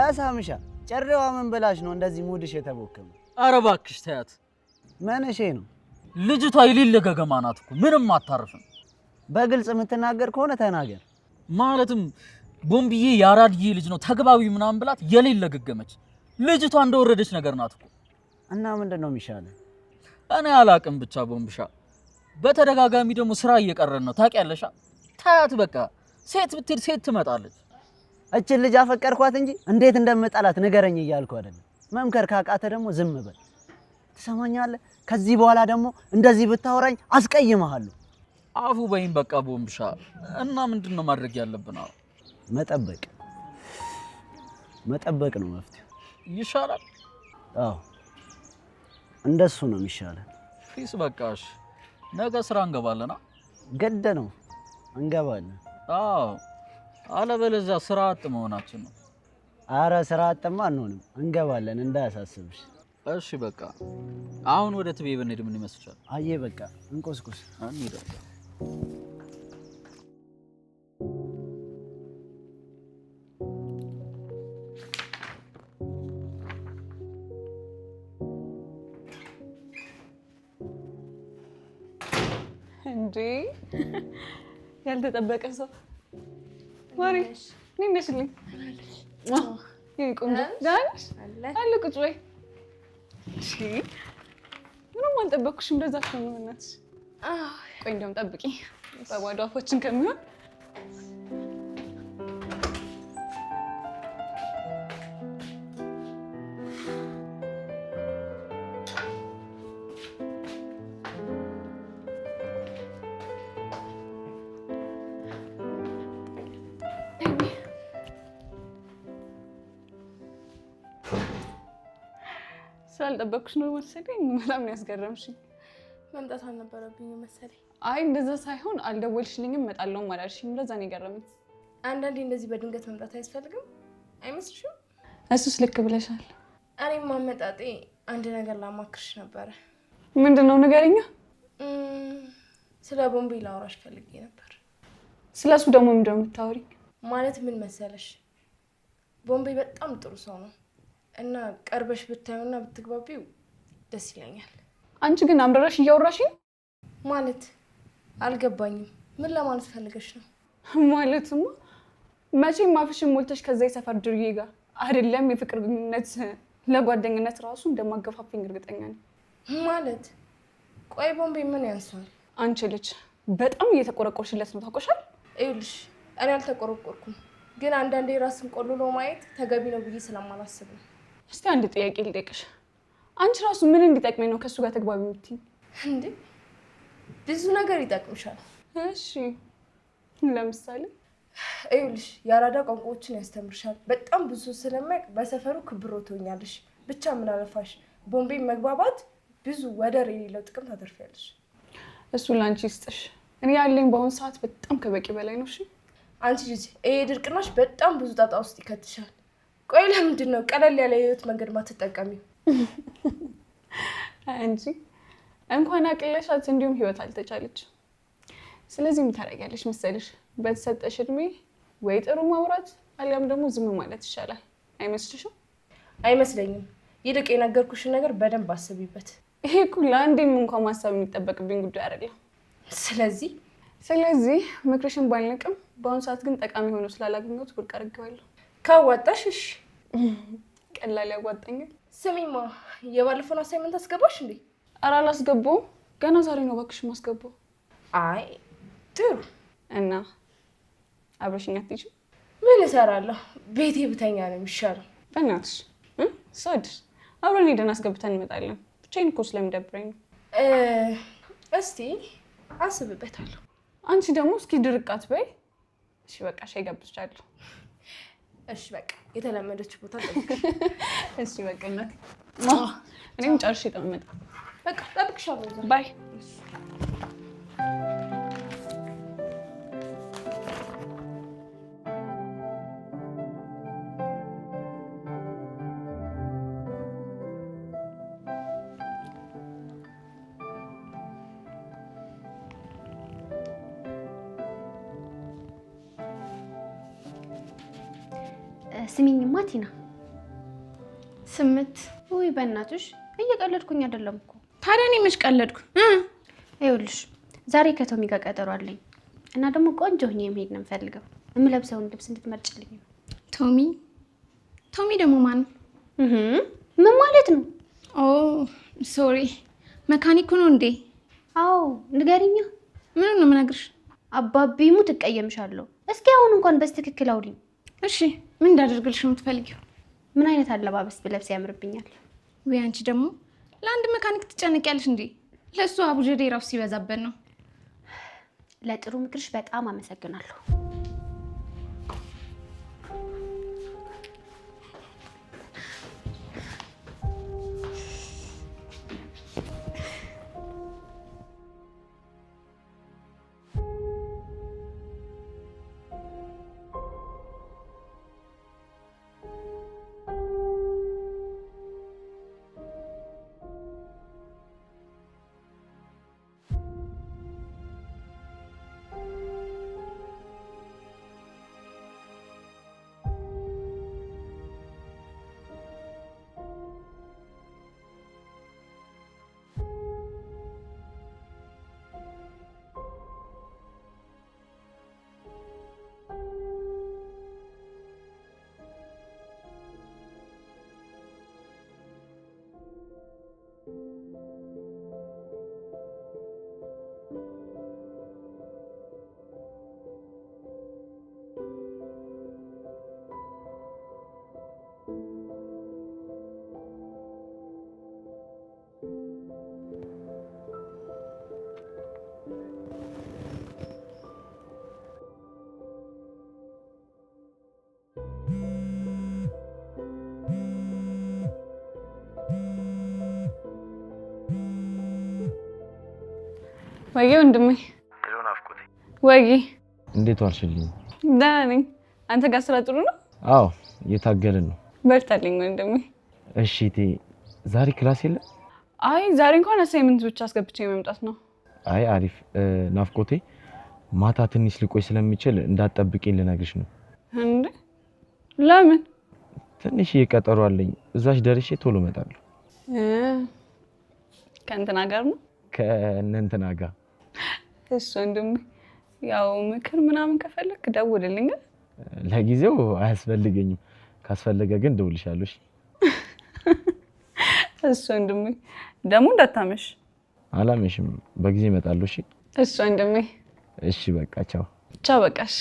አሳምሻ ጨሬዋ ምን ብላሽ ነው እንደዚህ ሙድሽ የተቦከመ? አረባክሽ እባክሽ ተያት። መንሼ ነው ልጅቷ። የሌለ ገገማ ናት እኮ ምንም አታርፍም። በግልጽ የምትናገር ከሆነ ተናገር። ማለትም ቦምብዬ የአራድዬ ልጅ ነው ተግባቢ ምናምን ብላት የሌለ ገገመች። ልጅቷ እንደወረደች ነገር ናት እኮ። እና ምንድን ነው የሚሻለን? እኔ አላቅም። ብቻ ቦምብሻ፣ በተደጋጋሚ ደግሞ ስራ እየቀረን ነው ታውቂያለሻ። ታያት በቃ ሴት ብትሄድ ሴት ትመጣለች። እችን ልጅ አፈቀርኳት እንጂ እንዴት እንደምጠላት ንገረኝ እያልኩ አይደለም። መምከር ካቃተ ደግሞ ዝም በል። ትሰማኛለህ? ከዚህ በኋላ ደግሞ እንደዚህ ብታወራኝ አስቀይመሃለሁ። አፉ በይም በቃ ቦምሻ። እና ምንድን ነው ማድረግ ያለብን? መጠበቅ መጠበቅ ነው መፍትሄው። ይሻላል? አዎ እንደሱ ነው የሚሻለን። ፊስ በቃሽ፣ ነገ ስራ እንገባለና። ገደ ነው እንገባለን። አዎ አለበለዚያ ስራ አጥ መሆናችን ነው። አረ ስራ አጥማ አንሆንም፣ እንገባለን፣ እንዳያሳስብሽ። እሺ በቃ አሁን ወደ ትቤ ብንሄድ ምን ይመስልሻል? አዬ በቃ እንቆስቁስ አንሄድ እንዴ ያልተጠበቀ ሰው ማሪ እኔ ይመስልኝ ይሄ ቆንጆ ዳንስ አለ ምንም አልጠበቅኩሽም። እንደዛ ከሆነ ቆይ እንደውም ጠብቂ በባዶ አፎችን ከሚሆን ስላልጠበቅሽ ነው መሰለኝ በጣም ያስገረምሽኝ። መምጣት አልነበረብኝ መሰለኝ። አይ እንደዛ ሳይሆን አልደወልሽልኝም መጣለው አላልሽኝም። እንደዛ ነው የገረመኝ። አንዳንዴ እንደዚህ በድንገት መምጣት አያስፈልግም አይመስልሽም? እሱስ ልክ ብለሻል። እኔም አመጣጤ አንድ ነገር ላማክርሽ ነበረ። ምንድን ነው ንገሪኛ። ስለ ቦምቤ ላውራሽ ፈልጌ ነበር። ስለ እሱ ደግሞ ምንድነው የምታወሪኝ? ማለት ምን መሰለሽ ቦምቤ በጣም ጥሩ ሰው ነው እና ቀርበሽ ብታዩና ብትግባቢው ደስ ይለኛል። አንቺ ግን አምረረሽ እያወራሽኝ ማለት አልገባኝም። ምን ለማለት ፈልገሽ ነው? ማለትማ መቼም አፍሽን ሞልተሽ ከዛ የሰፈር ድርዬ ጋር አይደለም የፍቅር ግንኙነት ለጓደኝነት ራሱ እንደማገፋፍኝ እርግጠኛ ነኝ። ማለት ቆይ ቦምቤ ምን ያንሷል? አንቺ ልጅ በጣም እየተቆረቆርሽለት ነው ታውቆሻል። ይኸውልሽ እኔ አልተቆረቆርኩም፣ ግን አንዳንዴ ራስን ቆልሎ ማየት ተገቢ ነው ብዬ ስለማላስብ ነው። እስቲ አንድ ጥያቄ ልጠይቅሽ። አንቺ ራሱ ምን እንዲጠቅመኝ ነው ከእሱ ጋር ተግባቢ የምትይኝ? እንዴ ብዙ ነገር ይጠቅምሻል። እሺ ለምሳሌ ይኸውልሽ፣ የአራዳ ቋንቋዎችን ያስተምርሻል። በጣም ብዙ ስለማያውቅ በሰፈሩ ክብር ትሆኛለሽ። ብቻ ምን አለፋሽ ቦምቤ መግባባት ብዙ ወደር የሌለው ጥቅም ታተርፊያለሽ። እሱ ለአንቺ ይስጥሽ። እኔ ያለኝ በአሁኑ ሰዓት በጣም ከበቂ በላይ ነው። እሺ አንቺ ልጅ ይሄ ድርቅናሽ በጣም ብዙ ጣጣ ውስጥ ይከትሻል። ቆይ ለምንድን ነው ቀለል ያለ የህይወት መንገድ ማትጠቀሚ? እንጂ እንኳን አቅለሻት እንዲሁም ህይወት አልተቻለች። ስለዚህ ምን ታደርጊያለሽ መሰለሽ፣ በተሰጠሽ እድሜ ወይ ጥሩ ማውራት አሊያም ደግሞ ዝም ማለት ይሻላል። አይመስልሽም? አይመስለኝም። ይልቅ የነገርኩሽን ነገር በደንብ አስቢበት። ይሄ እኮ ለአንዴም እንኳን ማሰብ የሚጠበቅብኝ ጉዳይ አይደለም። ስለዚህ ስለዚህ ምክርሽን ባልንቅም በአሁኑ ሰዓት ግን ጠቃሚ ሆኖ ስላላገኘሁት ውድቅ አድርጌዋለሁ። ካዋጣሽ እሺ። ቀላል ያዋጣኛል። ስሚማ የባለፈውን አሳይመንት አስገባሽ እንዴ? ኧረ አላስገባውም ገና ዛሬ ነው እባክሽ የማስገባው። አይ ጥሩ። እና አብረሽኝ አትሄጂም? ምን እሰራለሁ ቤቴ ብተኛ ነው የሚሻለው። በእናትሽ ሰድር አብረን ሄደን አስገብተን እንመጣለን። ብቻዬን እኮ ስለሚደብረኝ ነው። እስቲ አስብበታለሁ። አንቺ ደግሞ እስኪ ድርቃት በይ። እሺ በቃ ሻይ ገብቻለሁ። እሺ በቃ የተለመደች ቦታ እሺ በቃ እኔም ጨርሼ በቃ ጠብቅሻለሁ ባይ ቲና ስምት ውይ በእናትሽ እየቀለድኩኝ አይደለም እኮ ታዲያ እኔ መች ቀለድኩ ይኸውልሽ ዛሬ ከቶሚ ጋር ቀጠሮ አለኝ እና ደግሞ ቆንጆ ሆኜ የምሄድ ነው የምፈልገው የምለብሰውን ልብስ እንድትመርጭልኝ ነው ቶሚ ቶሚ ደግሞ ማን ምን ማለት ነው ኦ ሶሪ መካኒኩ ነው እንዴ አዎ ንገሪኛ ምንም ነው የምነግርሽ አባቢሙ ትቀየምሻለሁ እስኪ አሁን እንኳን በስትክክል አውሪኝ እሺ ምን እንዳደርግልሽ ነው የምትፈልጊው? ምን አይነት አለባበስ ብለብስ ያምርብኛል? ወይ አንቺ ደግሞ ለአንድ መካኒክ ትጨነቂያለሽ እንዴ? ለእሱ አቡጀዴ ራሱ ሲበዛበት ነው። ለጥሩ ምክርሽ በጣም አመሰግናለሁ። ወጌ ወንድሜ ወጌ እንዴት ዋልሽልኝ? ደህና ነኝ። አንተ ጋር ስራ ጥሩ ነው? አዎ እየታገልን ነው። በርታልኝ ወንድሜ። እሺ እቴ፣ ዛሬ ክላስ የለም? አይ ዛሬ እንኳን አሳይመንት ብቻ አስገብቼ መምጣት ነው። አይ አሪፍ። ናፍቆቴ ማታ ትንሽ ልቆይ ስለሚችል እንዳትጠብቂኝ ልነግርሽ ነው። እንዴ ለምን? ትንሽ እየቀጠሮ አለኝ። እዛሽ ደርሼ ቶሎ እመጣለሁ። ከእንትና ጋር ነው ከእነ እንትና ጋር እሱ ወንድም ያው ምክር ምናምን ከፈለክ ደውልልኝ። ለጊዜው አያስፈልገኝም፣ ካስፈለገ ግን ደውልሻለሽ። እሱ ወንድሜ ደግሞ እንዳታመሽ። አላመሽም፣ በጊዜ እመጣለሁ። እሺ እሱ ወንድሜ። እሺ በቃ ቻው። ቻው በቃሽ።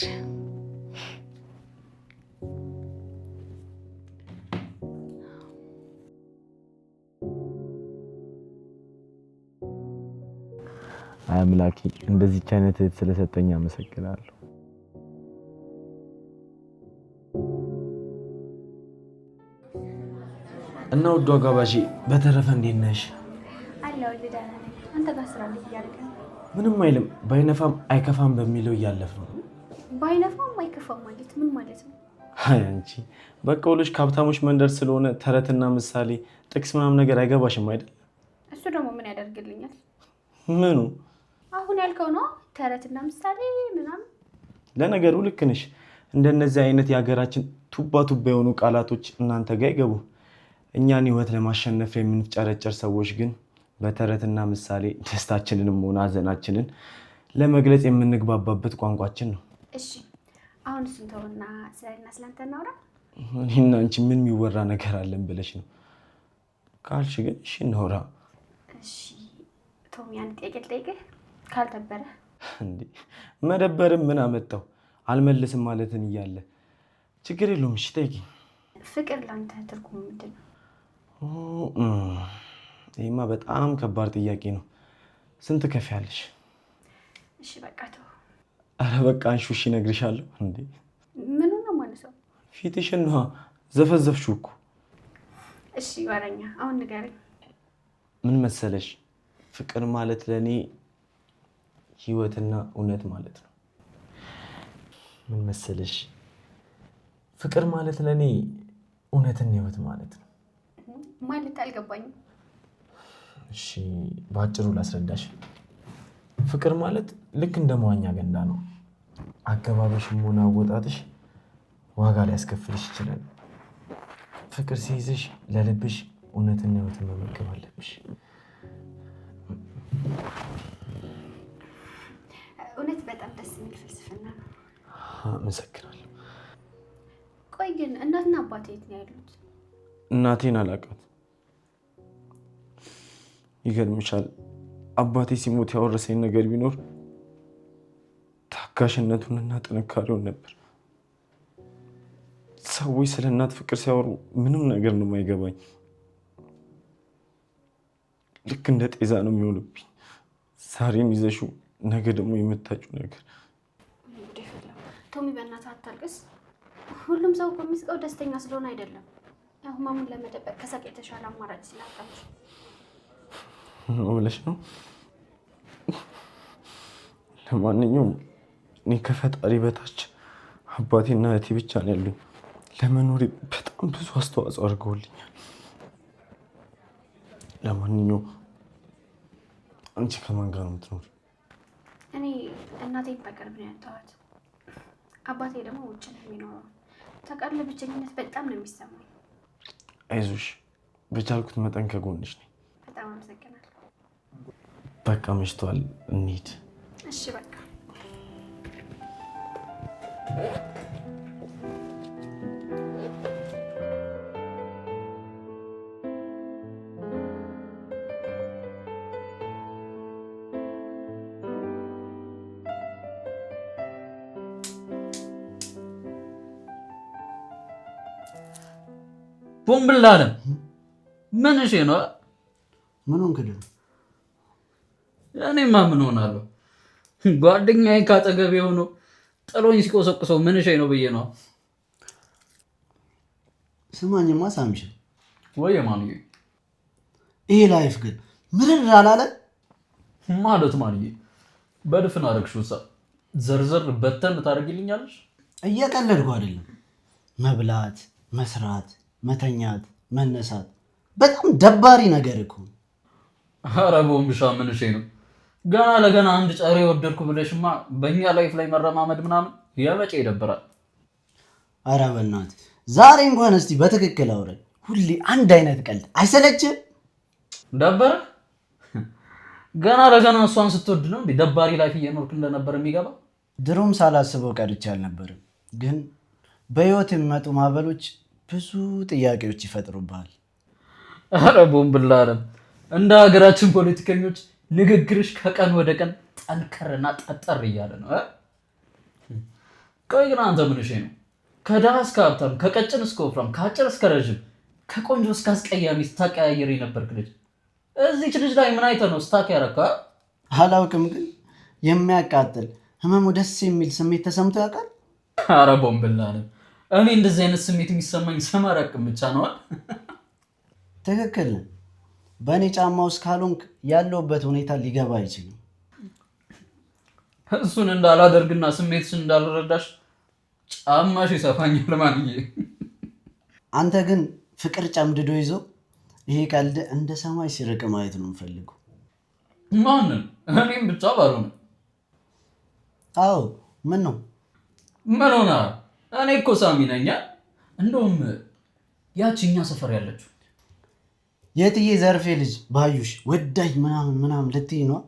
አምላኬ እንደዚች አይነት እህት ስለሰጠኝ አመሰግናለሁ። እና ውድ አጋባዤ በተረፈ እንዴት ነሽ? ምንም አይልም ባይነፋም አይከፋም በሚለው እያለፍ ነው። ባይነፋም አይከፋም ማለት ምን ማለት ነው? አንቺ በቃ ከሀብታሞች መንደር ስለሆነ ተረትና ምሳሌ ጥቅስ ምናምን ነገር አይገባሽም አይደል? እሱ ደግሞ ምን ያደርግልኛል ምኑ አሁን ያልከው ነው ተረትና ምሳሌ ምናምን። ለነገሩ ልክ ነሽ። እንደነዚህ አይነት የሀገራችን ቱባ ቱባ የሆኑ ቃላቶች እናንተ ጋር ይገቡ። እኛን ህይወት ለማሸነፍ የምንፍጨረጨር ሰዎች ግን በተረትና ምሳሌ ደስታችንንም ሆነ ሀዘናችንን ለመግለጽ የምንግባባበት ቋንቋችን ነው። እሺ አሁን እሱን ተውና ስለና ስለአንተ እናውራ። እኔና አንቺ ምን የሚወራ ነገር አለን ብለሽ ነው ካልሽ ግን እሺ እናውራ። እሺ ቶሚ አንድ ጥያቄ ልጠይቅህ። ካልደበረ እንዴ መደበርም ምን አመጣው? አልመልስም ማለትን እያለ ችግር የለውም። እሺ ጠይቂኝ። ፍቅር ለአንተ ትርጉሙ ምንድን ነው? ይህማ በጣም ከባድ ጥያቄ ነው። ስንት ከፍ ያለሽ? እሺ በቃ ተው። አረ በቃ አንሺው። እሺ እነግርሻለሁ። እንዴ ምን ነው ማለት ነው? ፊትሽን ዘፈዘፍሽው እኮ። እሺ ወረኛ፣ አሁን ንገረኝ። ምን መሰለሽ ፍቅር ማለት ለእኔ ህይወትና እውነት ማለት ነው። ምን መሰለሽ ፍቅር ማለት ለእኔ እውነትና ህይወት ማለት ነው። ማለት አልገባኝም። እሺ በአጭሩ ላስረዳሽ። ፍቅር ማለት ልክ እንደ መዋኛ ገንዳ ነው። አገባበሽም ሆነ አወጣጥሽ ዋጋ ሊያስከፍልሽ ይችላል። ፍቅር ሲይዝሽ ለልብሽ እውነትና ህይወትን መመገብ አለብሽ። ደስ የሚል ፍልስፍና። አመሰግናለሁ። ቆይ ግን እናትና አባቴ የት ነው ያሉት? እናቴን አላውቃት። ይገርምሻል፣ አባቴ ሲሞት ያወረሰኝ ነገር ቢኖር ታጋሽነቱንና ጥንካሬውን ነበር። ሰዎች ስለ እናት ፍቅር ሲያወሩ ምንም ነገር ነው የማይገባኝ። ልክ እንደ ጤዛ ነው የሚሆንብኝ። ዛሬም ይዘሽው ነገ ደግሞ የምታጩ ነገር ቶሚ፣ በእናት አታልቅስ። ሁሉም ሰው የሚስቀው ደስተኛ ስለሆነ አይደለም። ያው ህመሙን ለመደበቅ ከሳቅ የተሻለ አማራጭ ስላጣች ብለሽ ነው። ለማንኛውም እኔ ከፈጣሪ በታች አባቴና እህቴ ብቻ ነው ያሉኝ። ለመኖሬ በጣም ብዙ አስተዋጽኦ አድርገውልኛል። ለማንኛውም አንቺ ከማን ጋር ነው የምትኖር? እኔ እናቴን በቅርብ ነው ያጣኋት። አባቴ ደግሞ ውጭ ነው የሚኖረው። ተቀል ብቸኝነት በጣም ነው የሚሰማኝ። አይዞሽ፣ በቻልኩት መጠን ከጎንሽ ነኝ። በጣም አመሰግናለሁ። በቃ መሽቷል፣ እንሂድ። እሺ በቃ ሆን ብላ አለ። ምን እሺ ነው? ምን ሆንክ? እኔማ ምን ሆናለሁ? ጓደኛዬ ካጠገብ ሆኖ ጥሎኝ ሲቆሰቁሰው ምን እሺ ነው ብዬ ነው። ስማኝማ ሳምሽ ወይ ማን ይሄ ላይፍ ግን ምን አላለ ማለት ማንዬ፣ በድፍን አደረግሽው። ዘርዘር በተን ታደርጊልኛለሽ? እየቀለድኩ አይደለም። መብላት መስራት መተኛት፣ መነሳት በጣም ደባሪ ነገር እኮ። ኧረ ቦምብሻ ምንሽ ነው? ገና ለገና አንድ ጨሬ ወደድኩ ብለሽማ በእኛ ላይፍ ላይ መረማመድ ምናምን የበቂ ይደብራል። ኧረ በእናትህ ዛሬ እንኳን እስቲ በትክክል አውረድ። ሁሌ አንድ አይነት ቀልድ አይሰለችህ? ደበረ ገና ለገና እሷን ስትወድ ነው እንደ ደባሪ ላይፍ እየኖርክ እንደነበር የሚገባ። ድሮም ሳላስበው ቀርቼ አልነበርም፣ ግን በህይወት የሚመጡ ማዕበሎች ብዙ ጥያቄዎች ይፈጥሩብሃል። አረ ቦምብላ እንደ ሀገራችን ፖለቲከኞች ንግግርሽ ከቀን ወደ ቀን ጠንከርና ጠጠር እያለ ነው። ቆይ ግን አንተ ምንሽ ነው? ከድሃ እስከ ሀብታም፣ ከቀጭን እስከ ወፍራም፣ ከአጭር እስከ ረዥም፣ ከቆንጆ እስከ አስቀያሚ ስታቀያየር የነበርክ ልጅ እዚች ልጅ ላይ ምን አይተህ ነው ስታክ ያረካ? አላውቅም፣ ግን የሚያቃጥል ህመሙ ደስ የሚል ስሜት ተሰምቶ ያውቃል። አረ ቦምብላ እኔ እንደዚህ አይነት ስሜት የሚሰማኝ ሰማራቅም ብቻ ነዋል። ትክክል። በእኔ ጫማ ውስጥ ካልሆንክ ያለውበት ሁኔታ ሊገባ አይችልም። እሱን እንዳላደርግና ስሜትሽን እንዳልረዳሽ ጫማሽ ይሰፋኛል ማንዬ። አንተ ግን ፍቅር ጨምድዶ ይዞ ይሄ ቀልድ እንደ ሰማይ ሲርቅ ማየት ነው የምፈልገው። ማንን? እኔም ብቻ ነው። አዎ፣ ምን ነው ምን ሆነ? እኔ እኮ ሳሚ ነኝ። እንደውም ያችኛ ሰፈር ያለችው የትዬ ዘርፌ ልጅ ባዩሽ ወዳጅ ምናምን ምናምን ልትይ ነው።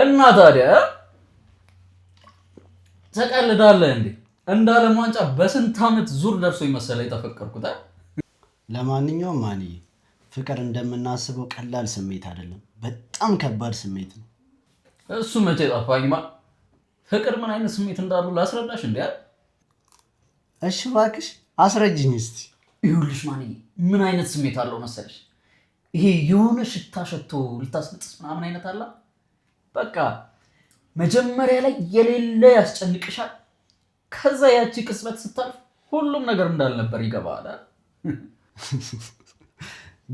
እና ታዲያ ተቀልዳለ እንዴ? እንደ ዓለም ዋንጫ በስንት ዓመት ዙር ደርሶ መሰለ የተፈቀርኩት። ለማንኛውም ማንዬ ፍቅር እንደምናስበው ቀላል ስሜት አይደለም፣ በጣም ከባድ ስሜት ነው። እሱ መቼ ጠፋኝማ። ፍቅር ምን አይነት ስሜት እንዳሉ ላስረዳሽ እንዲያል እሺ እባክሽ አስረጅኝ እስቲ። ይኸውልሽ ማንዬ ምን አይነት ስሜት አለው መሰለሽ? ይሄ የሆነ ሽታ ሸቶ ልታስነጥስ ምናምን አይነት አላ በቃ መጀመሪያ ላይ የሌለ ያስጨንቅሻል። ከዛ ያቺ ቅጽበት ስታልፍ ሁሉም ነገር እንዳልነበር ይገባል።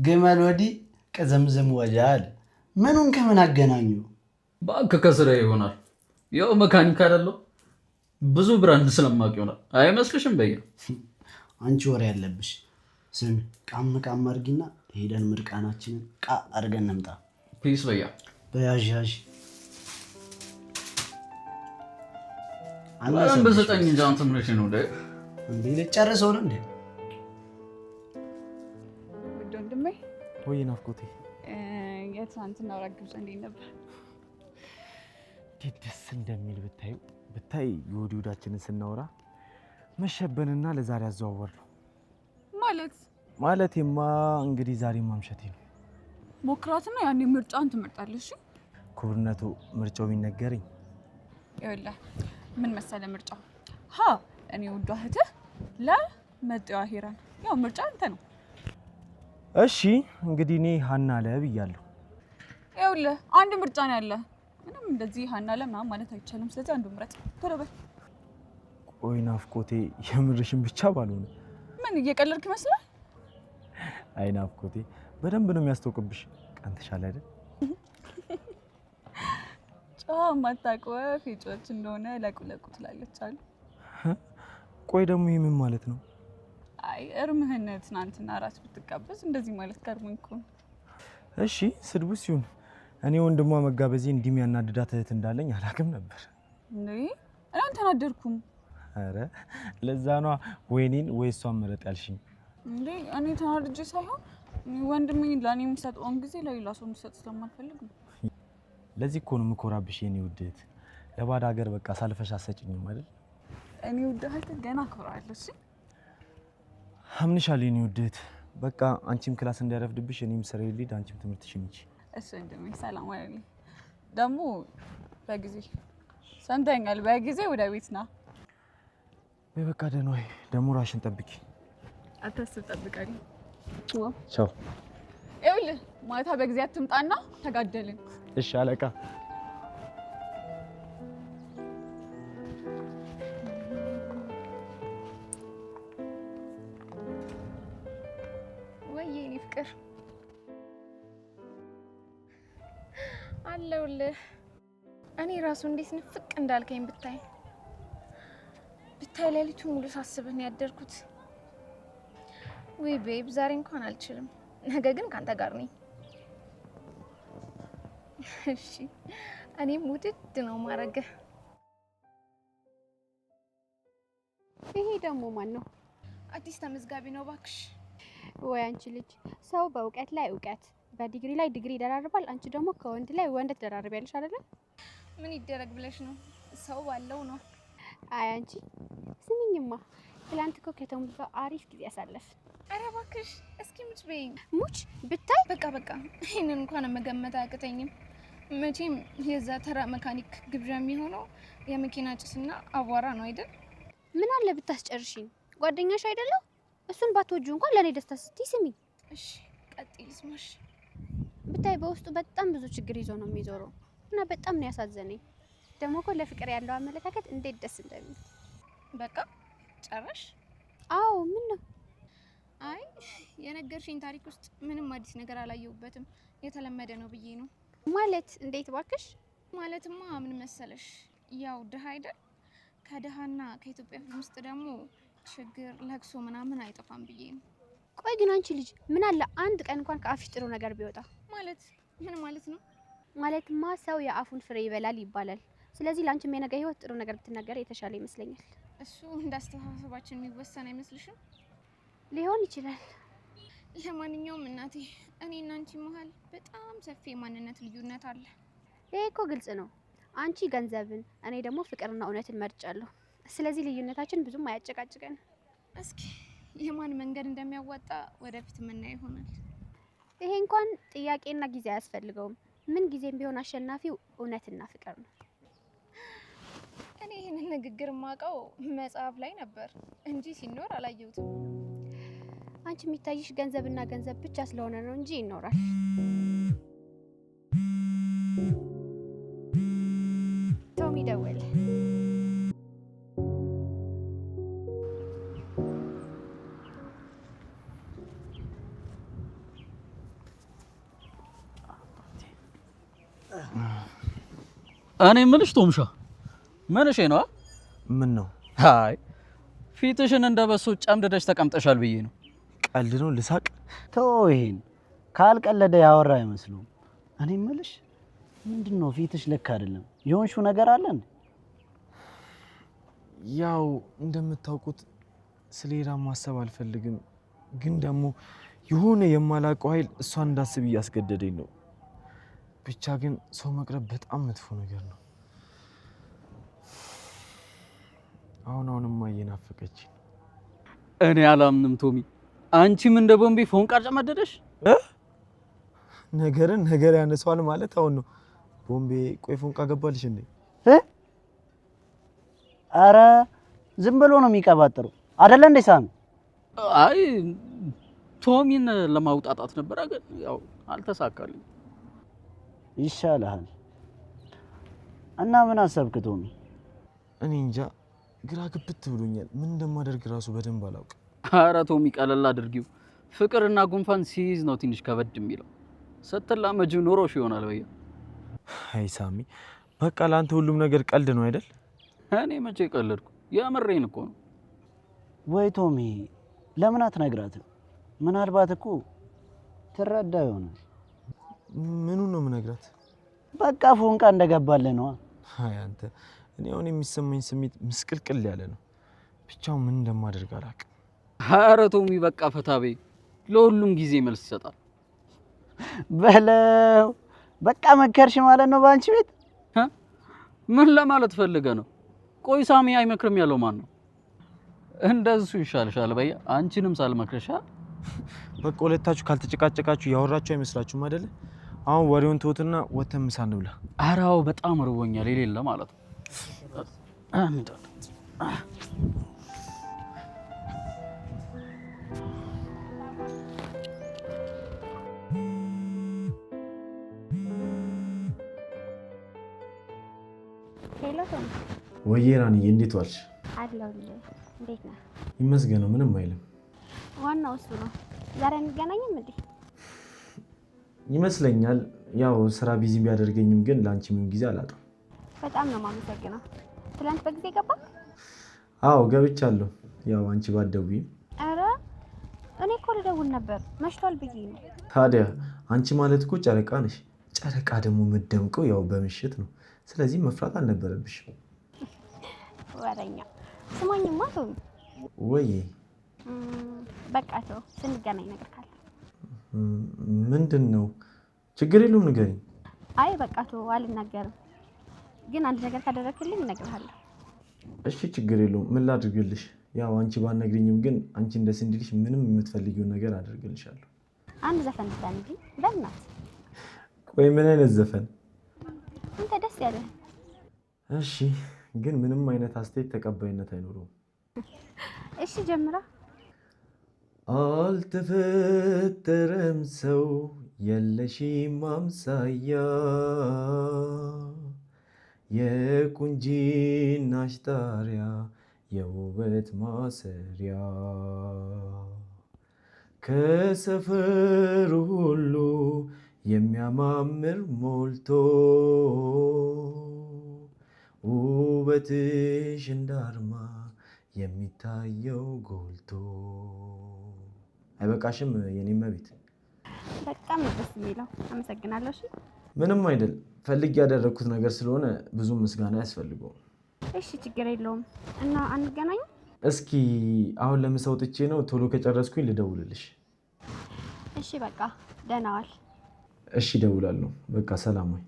ግመል ወዲህ ቀዘምዘም ወዲያ ምኑን ከምን አገናኙ? እባክህ ከስራ ይሆናል። ያው መካኒክ አይደለሁ ብዙ ብራንድ ስለማውቅ ይሆናል አይመስልሽም? በየ አንቺ ወሬ ያለብሽ ስም ቃም ቃም አድርጊና ሄደን ምርቃናችንን ቃ አድርገን እንምጣ። ፒስ በያ በያዥ በዘጠኝ ጃን ትምህርሽ ነው ደ እንዴ ልጨርሰው ነው እንዴ ውድ ወንድሜ፣ ወይ ናፍቆቴ የትናንትና ረግብጽ እንዴት ነበር? ደስ እንደሚል ብታዩ ብታይ የወዲ ወዳችንን ስናወራ መሸበንና ለዛሬ አዘዋወር ነው ማለት ማለቴማ እንግዲህ ዛሬ ማምሸቴ ነው። ሞክራትና ያኔ ምርጫን ትመርጣለሽ። ክቡርነቱ ምርጫው ቢነገረኝ ይኸውልህ፣ ምን መሰለ ምርጫው ሀ እኔ ወዷ እህትህ ለ ሄራን። ያው ምርጫ አንተ ነው። እሺ እንግዲህ እኔ ሀና ለብ እያለሁ ይኸውልህ አንድ ምርጫ ነው ያለህ ምንም እንደዚህ ሀና ለምናምን ማለት አይቻልም። ስለዚህ አንዱ ምረጥ ቶሎ በል። ቆይ ናፍቆቴ፣ የምርሽን ብቻ ባልሆነ ምን እየቀለድክ ይመስላል? አይ ናፍቆቴ፣ በደንብ ነው የሚያስታውቅብሽ። ቀንተሻል አይደል? ጨዋ የማታውቀው ፌጮች እንደሆነ ለቁ ትላለች አሉ። ቆይ ደግሞ ይህ ምን ማለት ነው? አይ እርምህን ትናንትና ራስ ብትቃበዝ እንደዚህ ማለት ከርሙኝ እኮ። እሺ ስድቡ ሲሆን እኔ ወንድሟ መጋበዜ እንዲህ የሚያናድዳት እህት እንዳለኝ አላውቅም ነበር። እንዴ እኔ አልተናደድኩም። አረ ለዛ ነዋ ወይኔን ወይ እሷን ምረጥ ያልሽኝ። እንዴ እኔ ተናድጄ ሳይሆን ወንድሜ ለእኔ የሚሰጠውን ጊዜ ለሌላ ሰው እንዲሰጥ ስለማልፈልግ ነው። ለዚህ እኮ ነው የምኮራብሽ የኔ ውድ ለባድ ሀገር በቃ ሳልፈሽ አትሰጭኝም አይደል? እኔ ውድ እህት ገና እኮራለሁ። እሺ አምንሻለሁ የኔ ውድ በቃ አንቺም ክላስ እንዳይረፍድብሽ እኔም ስራ ይልድ አንቺም ትምህርትሽን እንጂ እሱ ወንድሜ ሰላም አይደለም። ደግሞ በጊዜ ሰምተኛል። በጊዜ ወደ ቤት ና። በቃ ደህና ወይ። ደግሞ ራሽን ጠብቂ። አታስብ፣ ጠብቃለሁ። ቻው። ይኸውልህ ማታ በጊዜ አትምጣና ተጋደልን። እሺ አለቃ። ወይዬ ፍቅር አለውልህ። እኔ ራሱ እንዴት ንፍቅ እንዳልከኝ ብታይ ብታይ፣ ሌሊቱ ሙሉ ሳስብህ ነው ያደርኩት። ወይ ቤብ፣ ዛሬ እንኳን አልችልም፣ ነገ ግን ከአንተ ጋር ነኝ። እሺ፣ እኔም ውድድ ነው ማረገ ይሄ ደግሞ ማን ነው? አዲስ ተመዝጋቢ ነው። እባክሽ ወይ አንቺ ልጅ ሰው በእውቀት ላይ እውቀት በዲግሪ ላይ ዲግሪ ይደራርባል። አንቺ ደግሞ ከወንድ ላይ ወንድ ትደራርቢያለሽ አይደለ? ምን ይደረግ ብለሽ ነው? ሰው ባለው ነው። አይ አንቺ ስሚኝማ፣ ትላንት እኮ ከተሙ ጋር አሪፍ ጊዜ ያሳለፍ። ኧረ እባክሽ እስኪ ሙች በይ። ሙች ብታይ በቃ በቃ፣ ይህንን እንኳን መገመት አያቅተኝም። መቼም የዛ ተራ መካኒክ ግብዣ የሚሆነው የመኪና ጭስና አቧራ ነው አይደል? ምን አለ ብታስጨርሽኝ። ጓደኛሽ አይደለሁ? እሱን ባትወጁ እንኳን ለእኔ ደስታ ስትይ ስሚ። እሺ ቀጥይ ልስማሽ። ብታይ በውስጡ በጣም ብዙ ችግር ይዞ ነው የሚዞረው እና በጣም ነው ያሳዘነኝ። ደግሞ እኮ ለፍቅር ያለው አመለካከት እንዴት ደስ እንደሚል በቃ ጨረሽ? አዎ ምን ነው? አይ የነገርሽኝ ታሪክ ውስጥ ምንም አዲስ ነገር አላየሁበትም። የተለመደ ነው ብዬ ነው። ማለት እንዴት ባክሽ? ማለትማ ምን መሰለሽ፣ ያው ድሀ አይደል? ከድሀና ከኢትዮጵያ ውስጥ ደግሞ ችግር፣ ለቅሶ ምናምን አይጠፋም ብዬ ነው። ቆይ ግን አንቺ ልጅ ምን አለ አንድ ቀን እንኳን ከአፍሽ ጥሩ ነገር ቢወጣ ማለት ምን ማለት ነው? ማለትማ ሰው የአፉን ፍሬ ይበላል ይባላል። ስለዚህ ለአንቺም የነገ ህይወት ጥሩ ነገር ብትናገር የተሻለ ይመስለኛል። እሱ እንዳስተሳሰባችን የሚወሰን አይመስልሽም? ሊሆን ይችላል። ለማንኛውም እናቴ እኔ እና አንቺ መሀል በጣም ሰፊ የማንነት ልዩነት አለ። ይሄ እኮ ግልጽ ነው። አንቺ ገንዘብን፣ እኔ ደግሞ ፍቅርና እውነትን መርጫለሁ። ስለዚህ ልዩነታችን ብዙም አያጨቃጭቀን። እስኪ የማን መንገድ እንደሚያዋጣ ወደፊት የምናየው ይሆናል። ይሄ እንኳን ጥያቄና ጊዜ አያስፈልገውም። ምን ጊዜም ቢሆን አሸናፊው እውነትና ፍቅር ነው። እኔ ይህንን ንግግር ማቀው መጽሐፍ ላይ ነበር እንጂ ሲኖር አላየሁትም። አንቺ የሚታይሽ ገንዘብና ገንዘብ ብቻ ስለሆነ ነው እንጂ ይኖራል። እኔ ምልሽ ቶምሻ ምንሽ ነው? ምን ነው? አይ ፊትሽን እንደ በሶ ጨምድደሽ ተቀምጠሻል ብዬ ነው። ቀልድ ነው። ልሳቅ? ተው ይሄን። ካልቀለደ ያወራ አይመስሉም። እኔ ምልሽ ምንድን ነው ፊትሽ ልክ አይደለም። የሆንሽው ነገር አለን። ያው እንደምታውቁት ስለሌላ ማሰብ አልፈልግም፣ ግን ደግሞ የሆነ የማላውቀው ኃይል እሷን እንዳስብ እያስገደደኝ ነው። ብቻ ግን ሰው መቅረብ በጣም መጥፎ ነገር ነው። አሁን አሁንማ እየናፈቀች እኔ አላምንም። ቶሚ አንቺም እንደ ቦምቤ ቃርጫ ማደደሽ ነገርን ነገር ያነሷል ማለት አሁን ነው። ቦምቤ ቆይ ፎን ገባልሽ እንዴ? አረ ዝም ብሎ ነው የሚቀባጥሩ አደለ እንዴ? ሳሚ አይ ቶሚን ለማውጣጣት ነበረ፣ ግን ያው አልተሳካልኝ። ይሻልሃል። እና ምን አሰብክ ቶሚ? እኔ እንጃ ግራ ግብት ብሎኛል። ምን እንደማደርግ ራሱ በደንብ አላውቅም። ኧረ ቶሚ ቀለል አድርጊው። ፍቅርና ጉንፋን ሲይዝ ነው ትንሽ ከበድ የሚለው። ስትላመጂው ኖሮሽ ይሆናል። በየ አይ ሳሚ፣ በቃ ለአንተ ሁሉም ነገር ቀልድ ነው አይደል? እኔ መቼ ቀለድኩ? የምሬን እኮ ነው። ወይ ቶሚ፣ ለምን አትነግራትም? ምናልባት እኮ ትረዳ ይሆናል። ምኑን ነው የምነግራት? በቃ ፎንቃ እንደገባለ ነዋ። አይ አንተ፣ እኔ አሁን የሚሰማኝ ስሜት ምስቅልቅል ያለ ነው። ብቻው ምን እንደማደርግ አላውቅም። ኧረ ቶሚ በቃ ፈታቤ ለሁሉም ጊዜ መልስ ይሰጣል። በለው በቃ መከርሽ ማለት ነው በአንቺ ቤት። ምን ለማለት ፈልገ ነው? ቆይ ሳሚ አይመክርም ያለው ማን ነው? እንደሱ ይሻልሻል በይ፣ አንቺንም ሳልመክርሻ። በቃ ሁለታችሁ ካልተጨቃጨቃችሁ ያወራችሁ አይመስላችሁም አይደለ? አሁን ወሬውን ትወትና ወተን ምሳ እንብላ። ኧረ አዎ በጣም ርቦኛል። የሌለ ማለት ነው። ወይዬ ራንዬ እንዴት ዋልሽ? አለሁልህ። እንዴት ነህ? ይመስገነው ምንም አይልም። ዋናው እሱ ነው። ዛሬ እንገናኝም እንዴ? ይመስለኛል። ያው ስራ ቢዚ ቢያደርገኝም ግን ለአንቺ ምን ጊዜ አላጣም። በጣም ነው የማመሰግነው። ትላንት በጊዜ ገባ? አዎ ገብቻለሁ። ያው አንቺ ባትደውይም። ኧረ እኔ እኮ ልደውል ነበር መሽቷል ብዬ ነው። ታዲያ አንቺ ማለት እኮ ጨረቃ ነሽ። ጨረቃ ደግሞ የምትደምቀው ያው በምሽት ነው። ስለዚህ መፍራት አልነበረብሽም። ወረኛ ስማኝማ። ተው ወይ በቃ ተው፣ ስንገናኝ ነገር ምንድን ነው ችግር የለውም ንገሪኝ። አይ በቃ ቶ አልናገርም። ግን አንድ ነገር ካደረክልኝ እነግርሃለሁ። እሺ ችግር የለውም። ምን ላድርግልሽ? ያው አንቺ ባነግሪኝም ግን አንቺ እንደስ እንዲልሽ ምንም የምትፈልጊውን ነገር አደርግልሻለሁ። አንድ ዘፈን ብታነግሪኝ በእናትህ። ቆይ ምን አይነት ዘፈን? አንተ ደስ ያለ እሺ ግን ምንም አይነት አስተያየት ተቀባይነት አይኖረውም። እሺ ጀምራ አልተፈጠረም ሰው የለሽም አምሳያ የቁንጅናሽ ጣሪያ የውበት ማሰሪያ ከሰፈሩ ሁሉ የሚያማምር ሞልቶ ውበትሽ እንዳርማ የሚታየው ጎልቶ አይበቃሽም? የኔም ቤት በጣም ደስ የሚለው አመሰግናለሁ። እሺ ምንም አይደል። ፈልግ ያደረግኩት ነገር ስለሆነ ብዙም ምስጋና አያስፈልገውም። እሺ ችግር የለውም እና አንገናኝ። እስኪ አሁን ለምሳ ወጥቼ ነው፣ ቶሎ ከጨረስኩኝ ልደውልልሽ። እሺ በቃ ደህና ዋል። እሺ እደውላለሁ። በቃ ሰላም ወይ።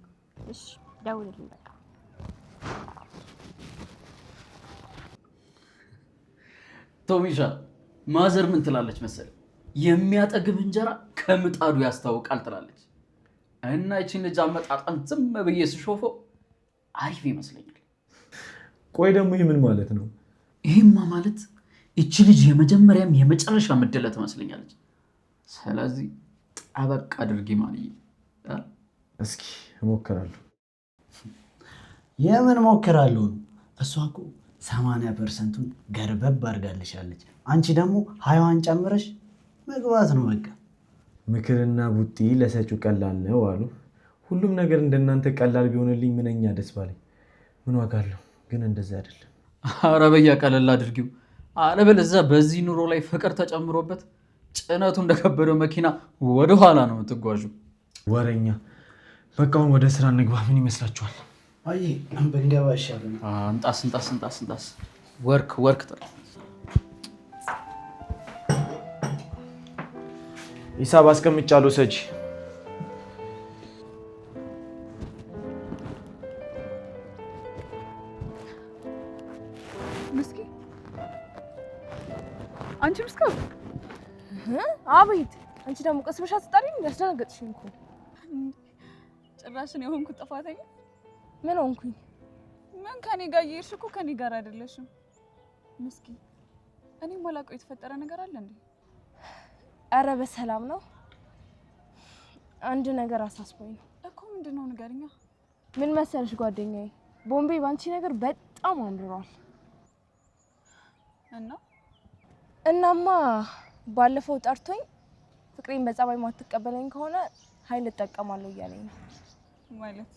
እሺ ደውልልኝ በቃ። ቶሚሻ ማዘር ምን ትላለች መሰለኝ የሚያጠግብ እንጀራ ከምጣዱ ያስታውቃል ትላለች እና ይችን ልጅ አመጣጣን ዝም ብዬ ስሾፎ አሪፍ ይመስለኛል። ቆይ ደግሞ ይህ ምን ማለት ነው? ይህማ ማለት እቺ ልጅ የመጀመሪያም የመጨረሻ ምድለ ትመስለኛለች። ስለዚህ ጠበቅ አድርጌ ማለዬ እስኪ እሞክራለሁ። የምን ሞክራለሁ? እሷ እኮ ሰማንያ ፐርሰንቱን ገርበብ አድርጋልሻለች። አንቺ ደግሞ ሀያዋን ጨምረሽ መግባት ነው በቃ። ምክርና ቡጢ ለሰጩ ቀላል ነው አሉ። ሁሉም ነገር እንደናንተ ቀላል ቢሆንልኝ ምንኛ ደስ ባለኝ። ምን ዋጋ አለው ግን እንደዚህ አይደለም። አረ በያ ቀለል አድርጊው። አለበለዚያ በዚህ ኑሮ ላይ ፍቅር ተጨምሮበት ጭነቱ እንደከበደው መኪና ወደኋላ ነው የምትጓዡ። ወረኛ በቃ ወደ ስራ እንግባ። ምን ይመስላችኋል? አይ በእንዲያባ ይሻለ። እንጣስ እንጣስ እንጣስ እንጣስ ወርክ ወርክ ሂሳብ አስቀምጫለሁ ሰጂ አንቺ ምስካብ አቤት አንቺ ደግሞ ቀስ ብለሽ ያስደነገጥሽኝ እኮ የሆንኩት ጥፋተኛ ምን ሆንኩኝ ምን ከኔ ጋር እየሄድሽ እኮ ከኔ ጋር አይደለሽም ምስኪ እኔም ማላውቀው የተፈጠረ ነገር አለ እንዴ አረ በሰላም ነው። አንድ ነገር አሳስቦኝ ነው እኮ። ምንድን ነው ንገርኛ። ምን መሰለሽ ጓደኛዬ፣ ቦምቤ ባንቺ ነገር በጣም አምሯል። እና እናማ ባለፈው ጠርቶኝ ፍቅሬን በጸባይ ማትቀበለኝ ከሆነ ኃይል እጠቀማለሁ እያለኝ ነው። ማለት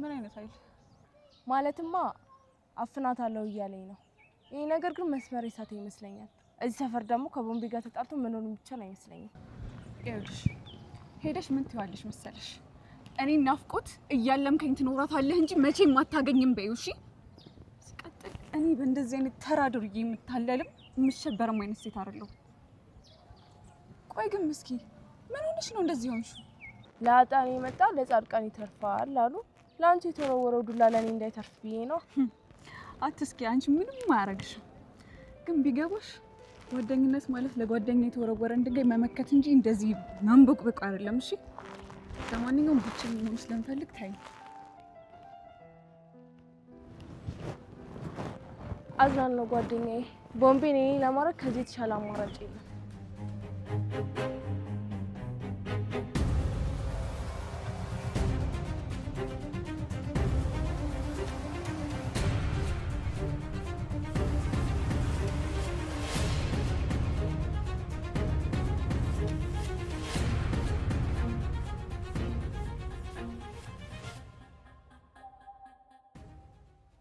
ምን አይነት ኃይል? ማለትማ አፍናታለሁ እያለኝ ነው። ይህ ነገር ግን መስመር የሳተ ይመስለኛል። እዚህ ሰፈር ደግሞ ከቦምቤ ጋር ተጣልቶ መኖር የሚቻል አይመስለኝም። ይኸውልሽ ሄደሽ ምን ትይዋለሽ መሰለሽ እኔ ናፍቆት እያለምከኝ ትኖራታለህ እንጂ መቼም አታገኝም በይው። እሺ ቀጥል እኔ በእንደዚህ አይነት ተራድር የምታለልም የምሸበርም አይነት ሴት አይደለሁም። ቆይ ግን እስኪ ምን ሆነሽ ነው እንደዚህ ሆንሽው? ለአጣን የመጣ ለጻድቃን ይተርፋል አሉ። ለአንቺ የተወረወረው ዱላ ለእኔ እንዳይተርፍ ብዬ ነው። አትስኪ አንቺ ምንም አያረግሽም። ግን ቢገቦሽ ጓደኝነት ማለት ለጓደኛ የተወረወረ ድንጋይ መመከት እንጂ እንደዚህ ማንበቅበቅ አይደለም። እሺ፣ ለማንኛውም ብቻዬን መሆን ስለምፈልግ ታይ አዝናን ነው ጓደኛዬ። ቦምቤ ለማድረግ ከዚህ የተሻለ አማራጭ የለም።